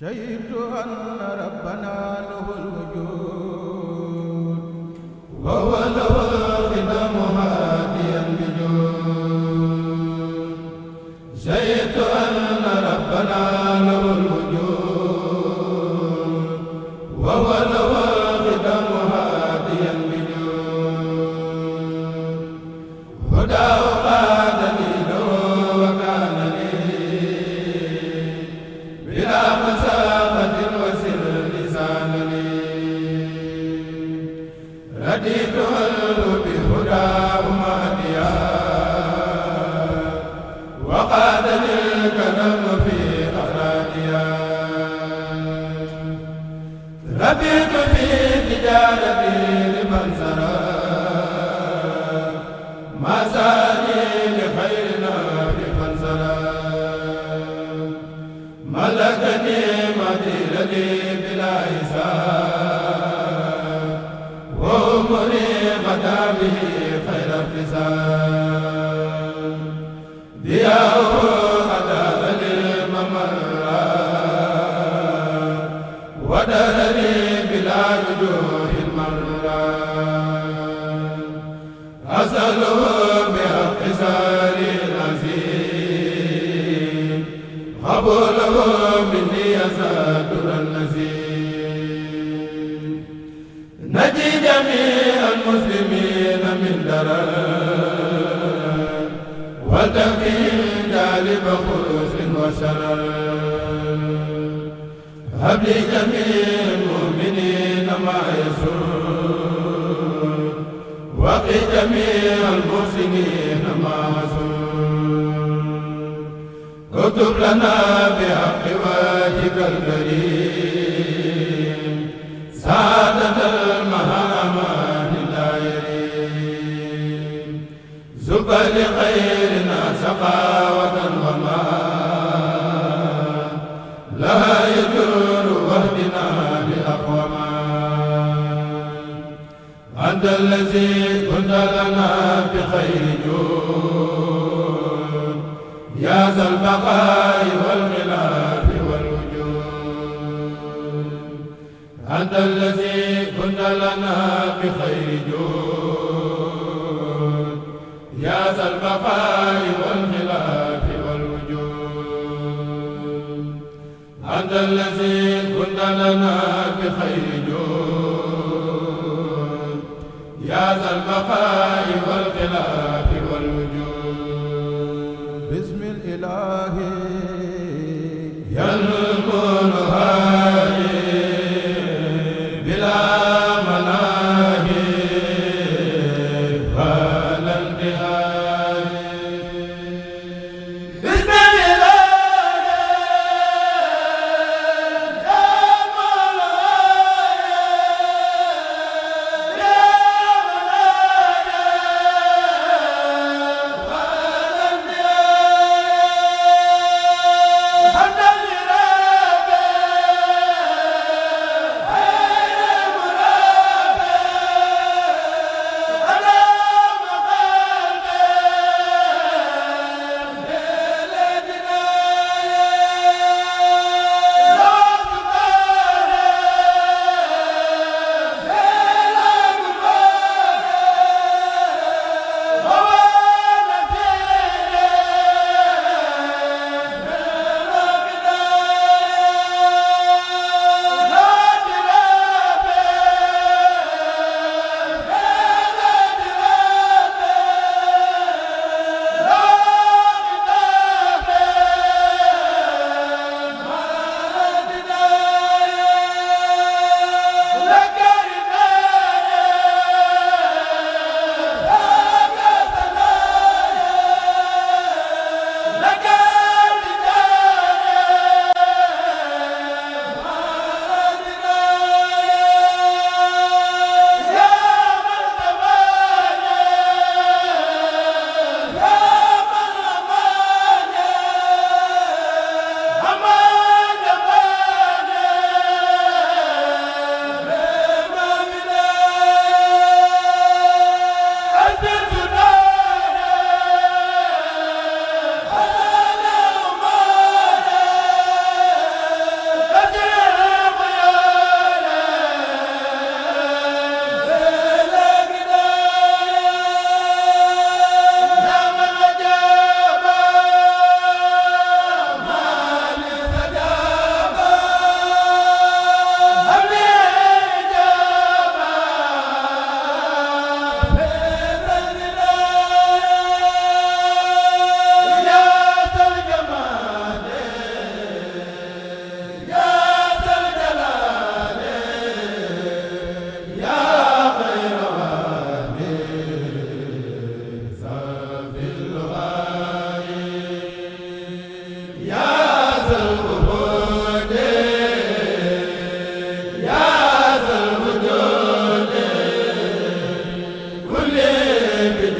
شهدت أن ربنا له الوجود وهو ما يسر وقي جميع المحسنين ما سر اكتب لنا بحق وجهك الكريم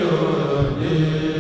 Yeah.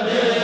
Amen.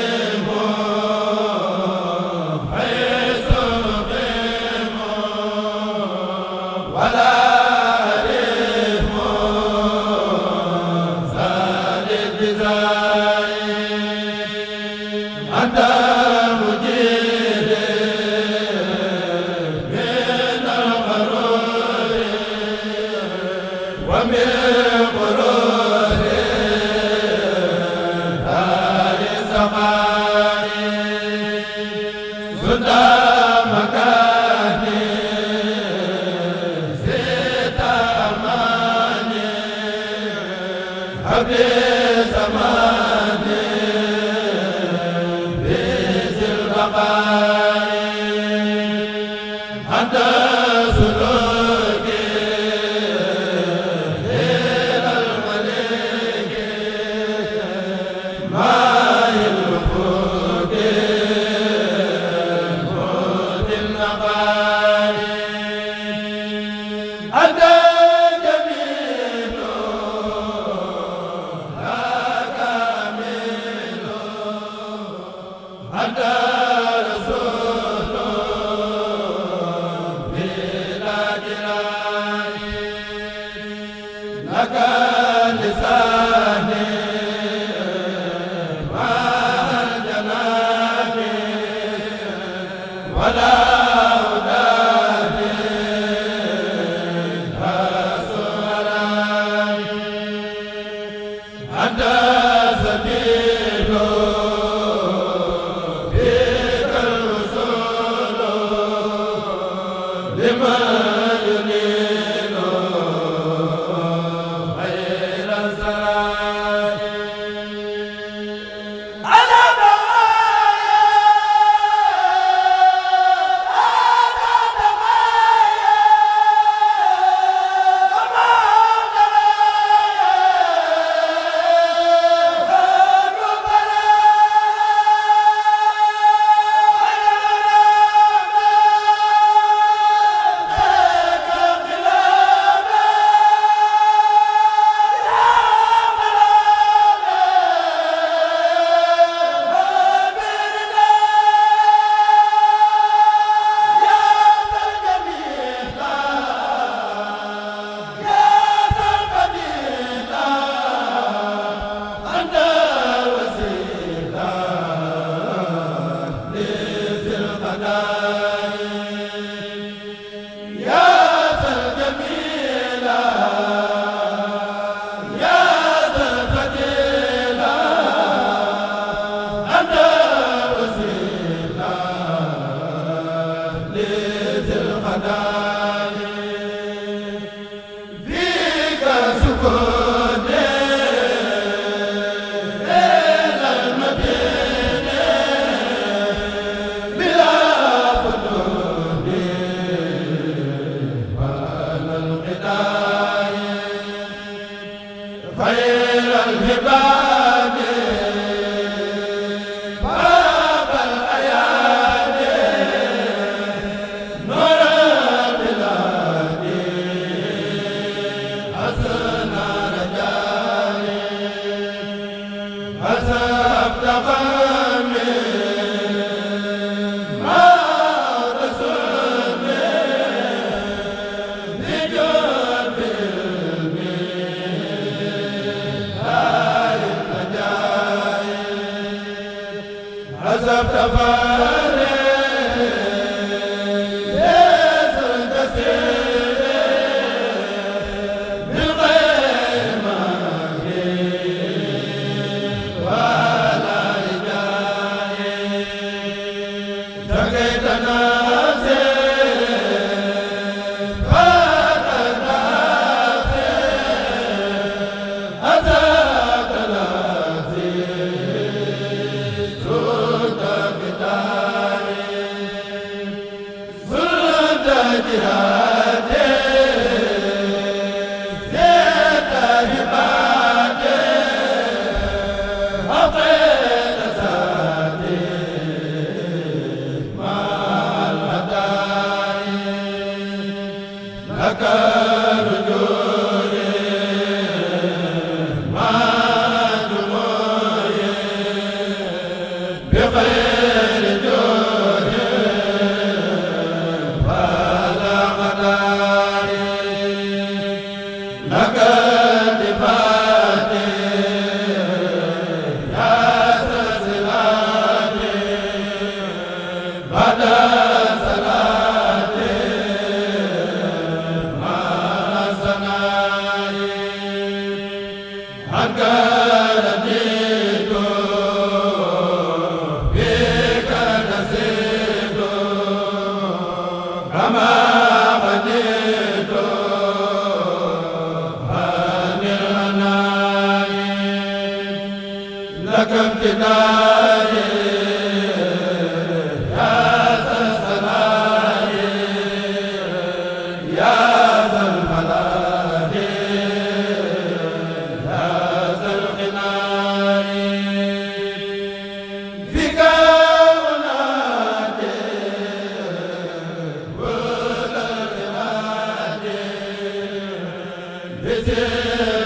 تدري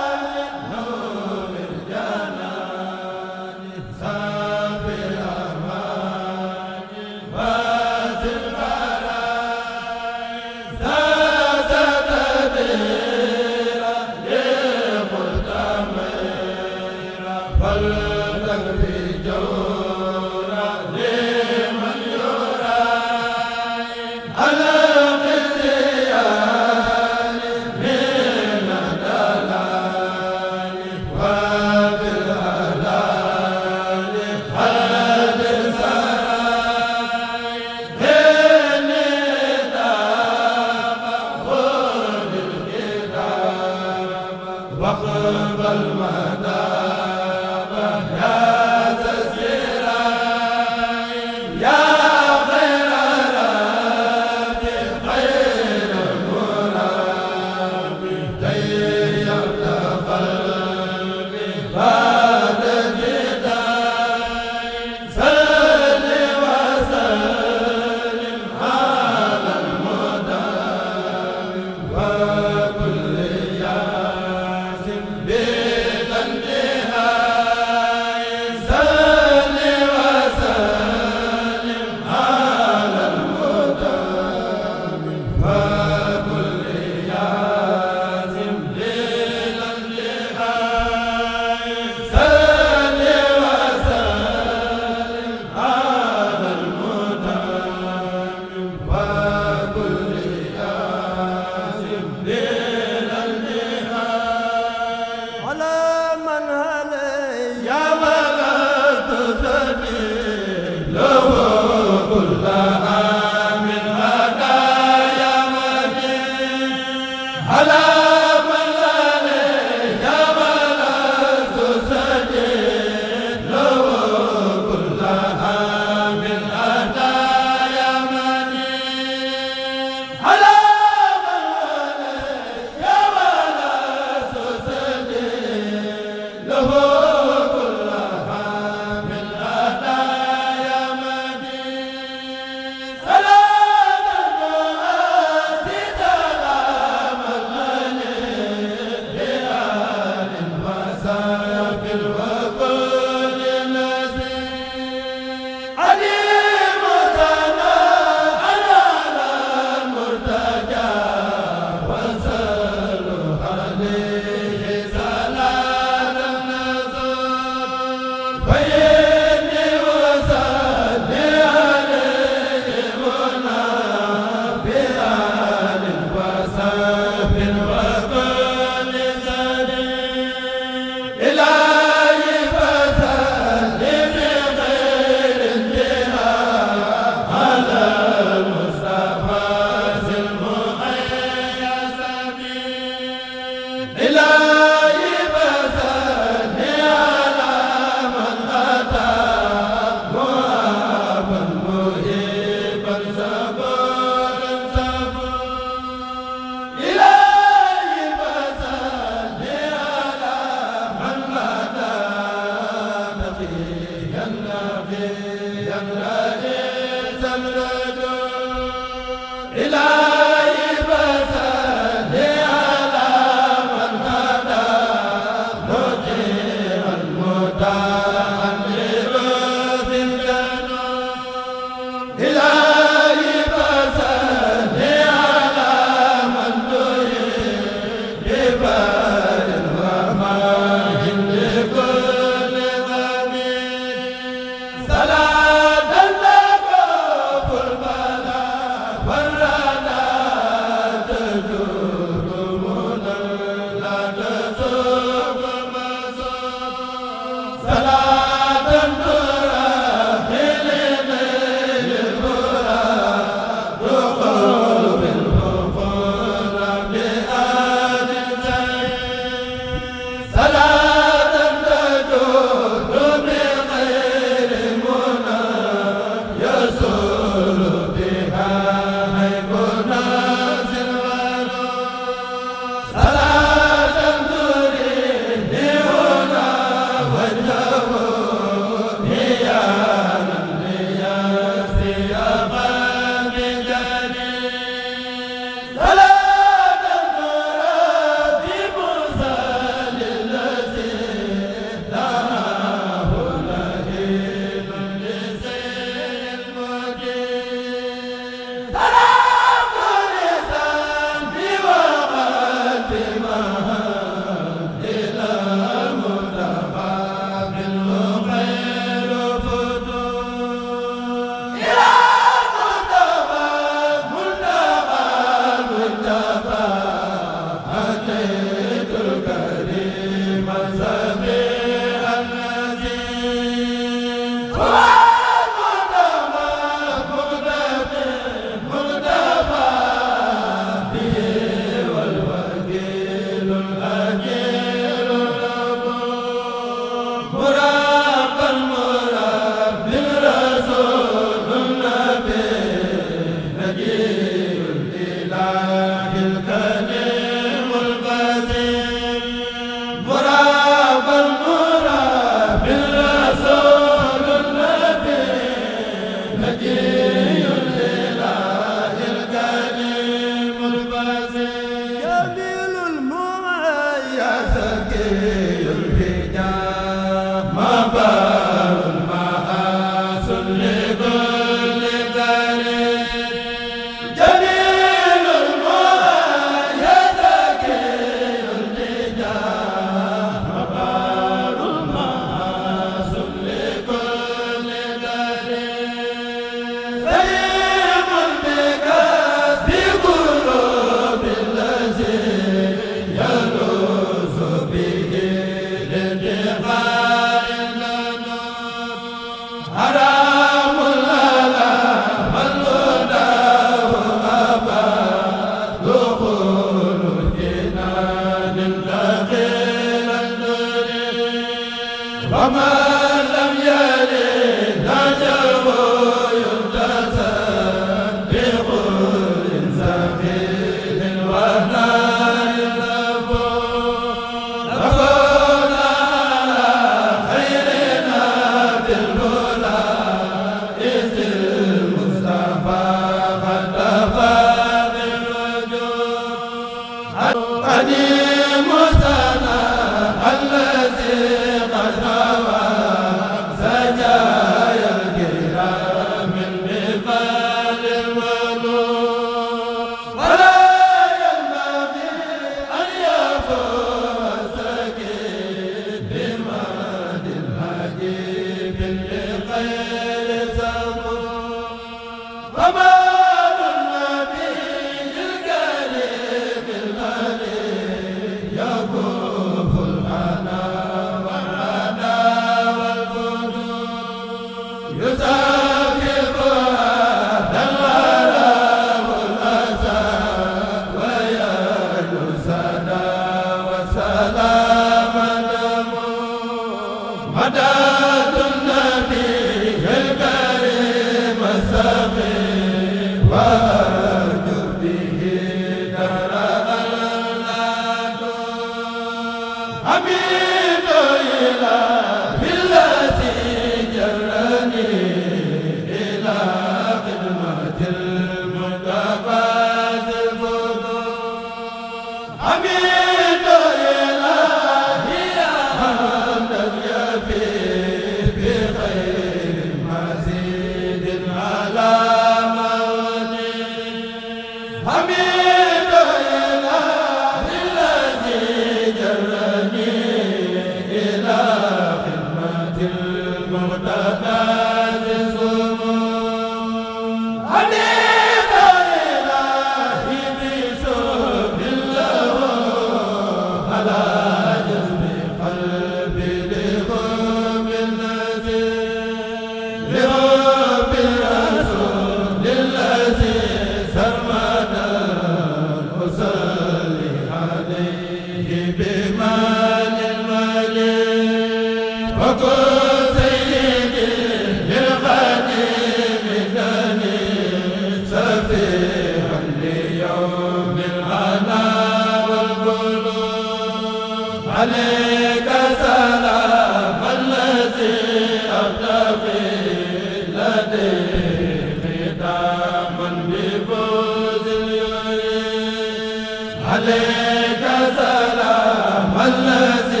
هلت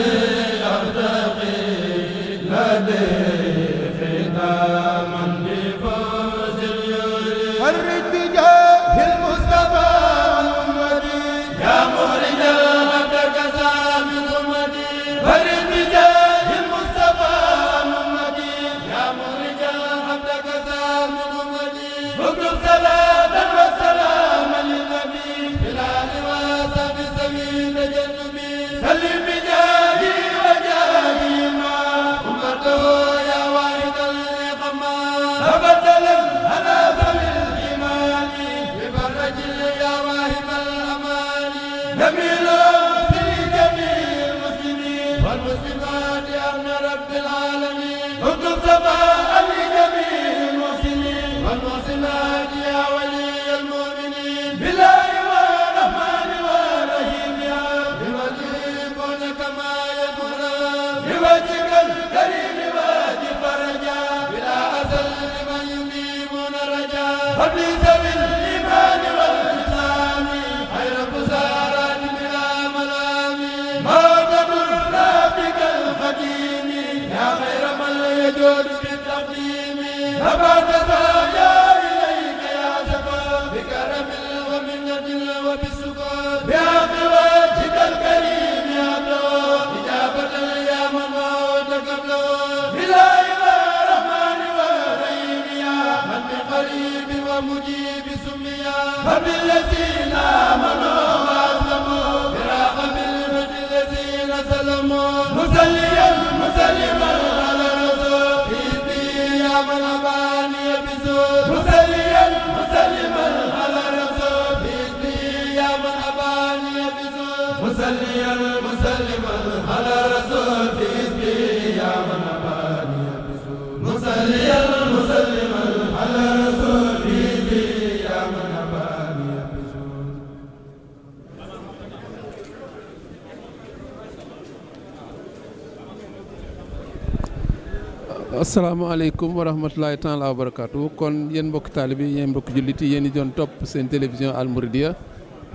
مجيب سميا فبالذين آمنوا asalaamaaleykum wa rahmatulahi taala wa barakaatu kon yéen mbokki taalibi yéen mbokki jullit yi yéen ñi doon topp seen télévision Al Mouridiyyah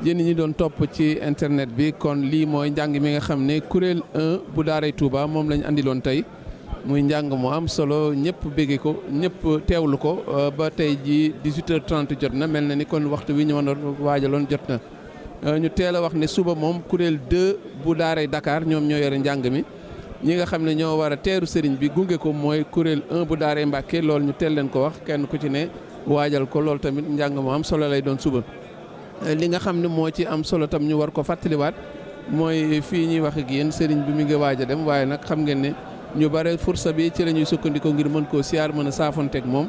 yéen ñi doon topp ci internet bi kon lii mooy njàng mi nga xam ne kuréel 1 bu daaray Touba moom lañ andiloon tey muy njàng mu am solo ñëpp béggee ko ñëpp teewlu ko euh, ba tey ji 18 h jot na mel na ni kon waxtu wi ñu mënoon waajaloon jot na euh, ñu teel a wax ne suba moom kuréel 2 bu daaray Dakar ñoom ñoo yore njàng mi. ñi nga xam ne ñoo war a teeru sëriñ bi gunge ko mooy kuréel bu daaree Mbàkke lool ñu teel leen ko wax kenn ku ci ne waajal ko loolu tamit njàng mu am solo lay doon suba. li nga xam ne moo ci am solo tam ñu war ko fàttaliwaat mooy fii ñuy wax ak yéen sëriñ bi mi ngi waaja dem waaye nag xam ngeen ne ñu bare fursa bi ci la ñuy sukkandiku ngir mën koo siyaar mën a saafonteeg moom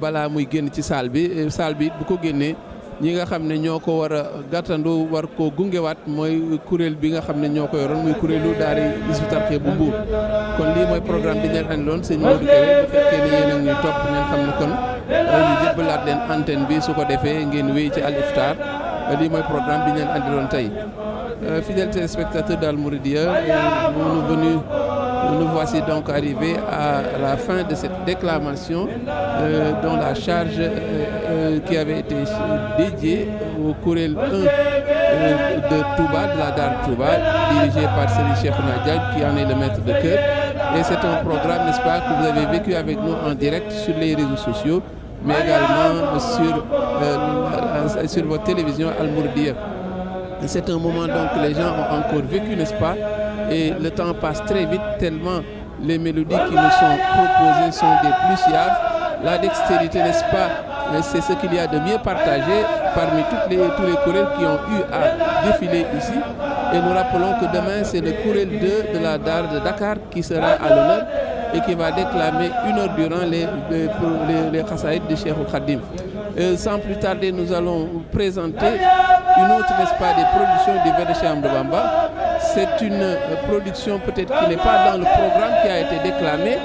balaa muy génn ci saal bi saal bi bu ko génnee. ñi nga xam ne ñoo ko war a gàttandu war koo gungewaat mooy kuréel bi nga xam ne ñoo koy yoroon muy kuréelu daari Hizbut Tarqiyyah bu Mbuur kon lii mooy programme bi ñu leen andiloon sëñ Modou Kébé bu fekkee ne yéen topp ngeen xam ne kon ñu jëbbalaat leen antenne bi su ko defee ngeen wéy ci Al lii mooy programme bi ñu leen andiloon tey euh, fidèles téléspectateurs d'Al Mouridiyyah euh, nous venus Nous voici donc arrivés à la fin de cette déclamation euh, dont la charge euh, euh, qui avait été dédiée au courriel 1 euh, de Touba, de la Dar Touba, dirigé par Seri Chef Nadjad, qui en est le maître de cœur. Et c'est un programme, n'est-ce pas, que vous avez vécu avec nous en direct sur les réseaux sociaux, mais également sur, sur votre télévision al C'est un moment donc que les gens ont encore vécu, n'est-ce pas, et le temps passe très vite tellement les mélodies qui nous sont proposées sont des plus suaves. La dextérité, n'est-ce pas euh, C'est ce qu'il y a de mieux partagé parmi toutes les, tous les chorels qui ont eu à défiler ici. Et nous rappelons que demain, c'est le courel 2 de la DAR de Dakar qui sera à l'honneur et qui va déclamer une heure durant les, les, de Cheikh Khadim. Euh, sans plus tarder, nous allons présenter une autre, n'est-ce pas, des productions du verre de Cheikh Bamba c'est une euh, production peut-être qui n'est pas dans le programme qui a été déclamé,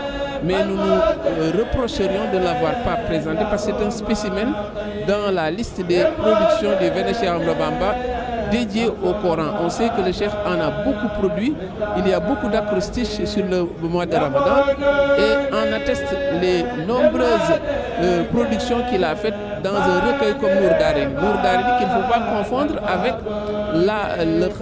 mais nous nous euh, reprocherions de ne l'avoir pas présenté parce que c'est un spécimen dans la liste des productions de Venetia Amrabamba dédié au Coran. On sait que le chef en a beaucoup produit. Il y a beaucoup d'acrostiches sur le mois de Ramadan et on atteste les nombreuses euh, productions qu'il a faites dans un recueil comme Mourdarine. Mourdarine qu'il ne faut pas confondre avec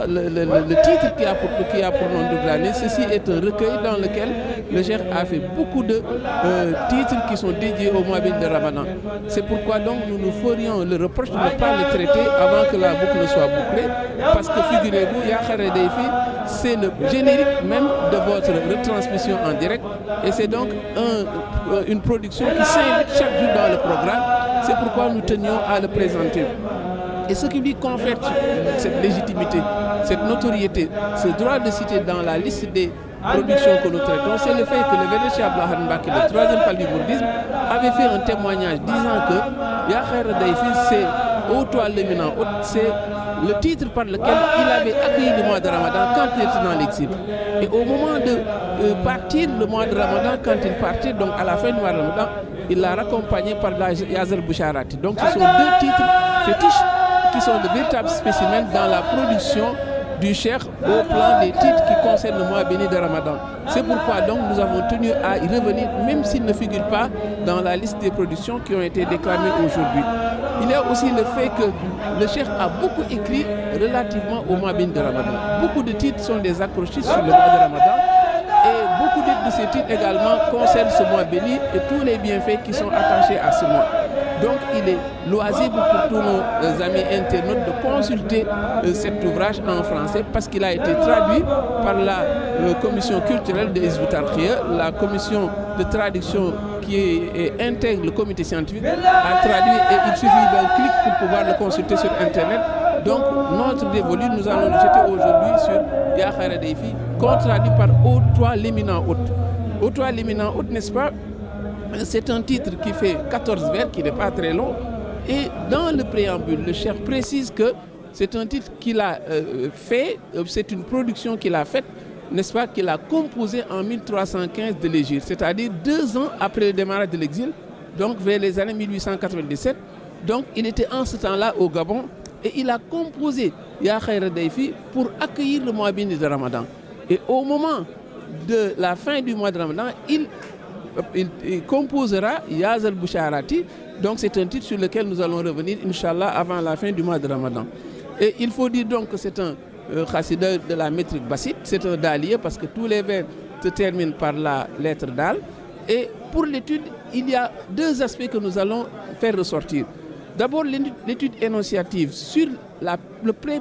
le, titre qui a, pour, qui a nom de l'année. Ceci est un recueil dans lequel le chef a fait beaucoup de euh, titres qui sont dédiés au mois de Ramadan. C'est pourquoi donc nous nous ferions le reproche de ne pas le traiter avant que la boucle ne soit bouclée. Parce que figurez-vous, Yachar et c'est le générique même de votre retransmission en direct. Et c'est donc euh, une production qui s'invite chaque jour dans le programme. C'est pourquoi nous tenions à le présenter. Et ce qui lui confère cette légitimité, cette notoriété, ce droit de citer dans la liste des productions que nous traitons, c'est le fait que le vénéchable qui est le troisième du bouddhisme avait fait un témoignage disant que Yahya Daifi, c'est c'est le titre par lequel il avait accueilli le mois de Ramadan quand il était dans l'exil. Et au moment de euh, partir le mois de Ramadan, quand il partit, donc à la fin du mois de Ramadan, il l'a raccompagné par la Boucharati. Donc ce sont deux titres fétiches qui sont de véritables spécimens dans la production du Cher au plan des titres qui concernent le mois béni de Ramadan. C'est pourquoi donc nous avons tenu à y revenir, même s'il ne figure pas dans la liste des productions qui ont été déclarées aujourd'hui il y a aussi le fait que le chef a beaucoup écrit relativement au mois de Ramadan. Beaucoup de titres sont des accrochés sur le mois de Ramadan et beaucoup de ces titres également concernent ce mois béni et tous les bienfaits qui sont attachés à ce mois. Donc il est loisible pour tous nos euh, amis internautes de consulter euh, cet ouvrage en français parce qu'il a été traduit par la euh, commission culturelle de Khie, la commission de traduction qui intègre le comité scientifique a traduit et il suffit d'un clic pour pouvoir le consulter sur internet. Donc notre dévolu, nous allons le jeter aujourd'hui sur Yaharadeifi, Defi, contraduit par Otoa l'éminent hôte. Otoa l'éminent hôte, n'est-ce pas c'est un titre qui fait 14 vers, qui n'est pas très long. Et dans le préambule, le chef précise que c'est un titre qu'il a euh, euh, fait, euh, c'est une production qu'il a faite, n'est-ce pas, qu'il a composé en 1315 de l'Égypte, c'est-à-dire deux ans après le démarrage de l'exil, donc vers les années 1897. Donc il était en ce temps-là au Gabon et il a composé Ya Khair pour accueillir le mois de Ramadan. Et au moment de la fin du mois de Ramadan, il il, composera yazel Boucharati. Donc c'est un titre sur lequel nous allons revenir, Inch'Allah, avant la fin du mois de Ramadan. Et il faut dire donc que c'est un euh, de la métrique bassite, c'est un dalier parce que tous les vers se terminent par la lettre dal. Et pour l'étude, il y a deux aspects que nous allons faire ressortir. D'abord, l'étude énonciative sur la, le pré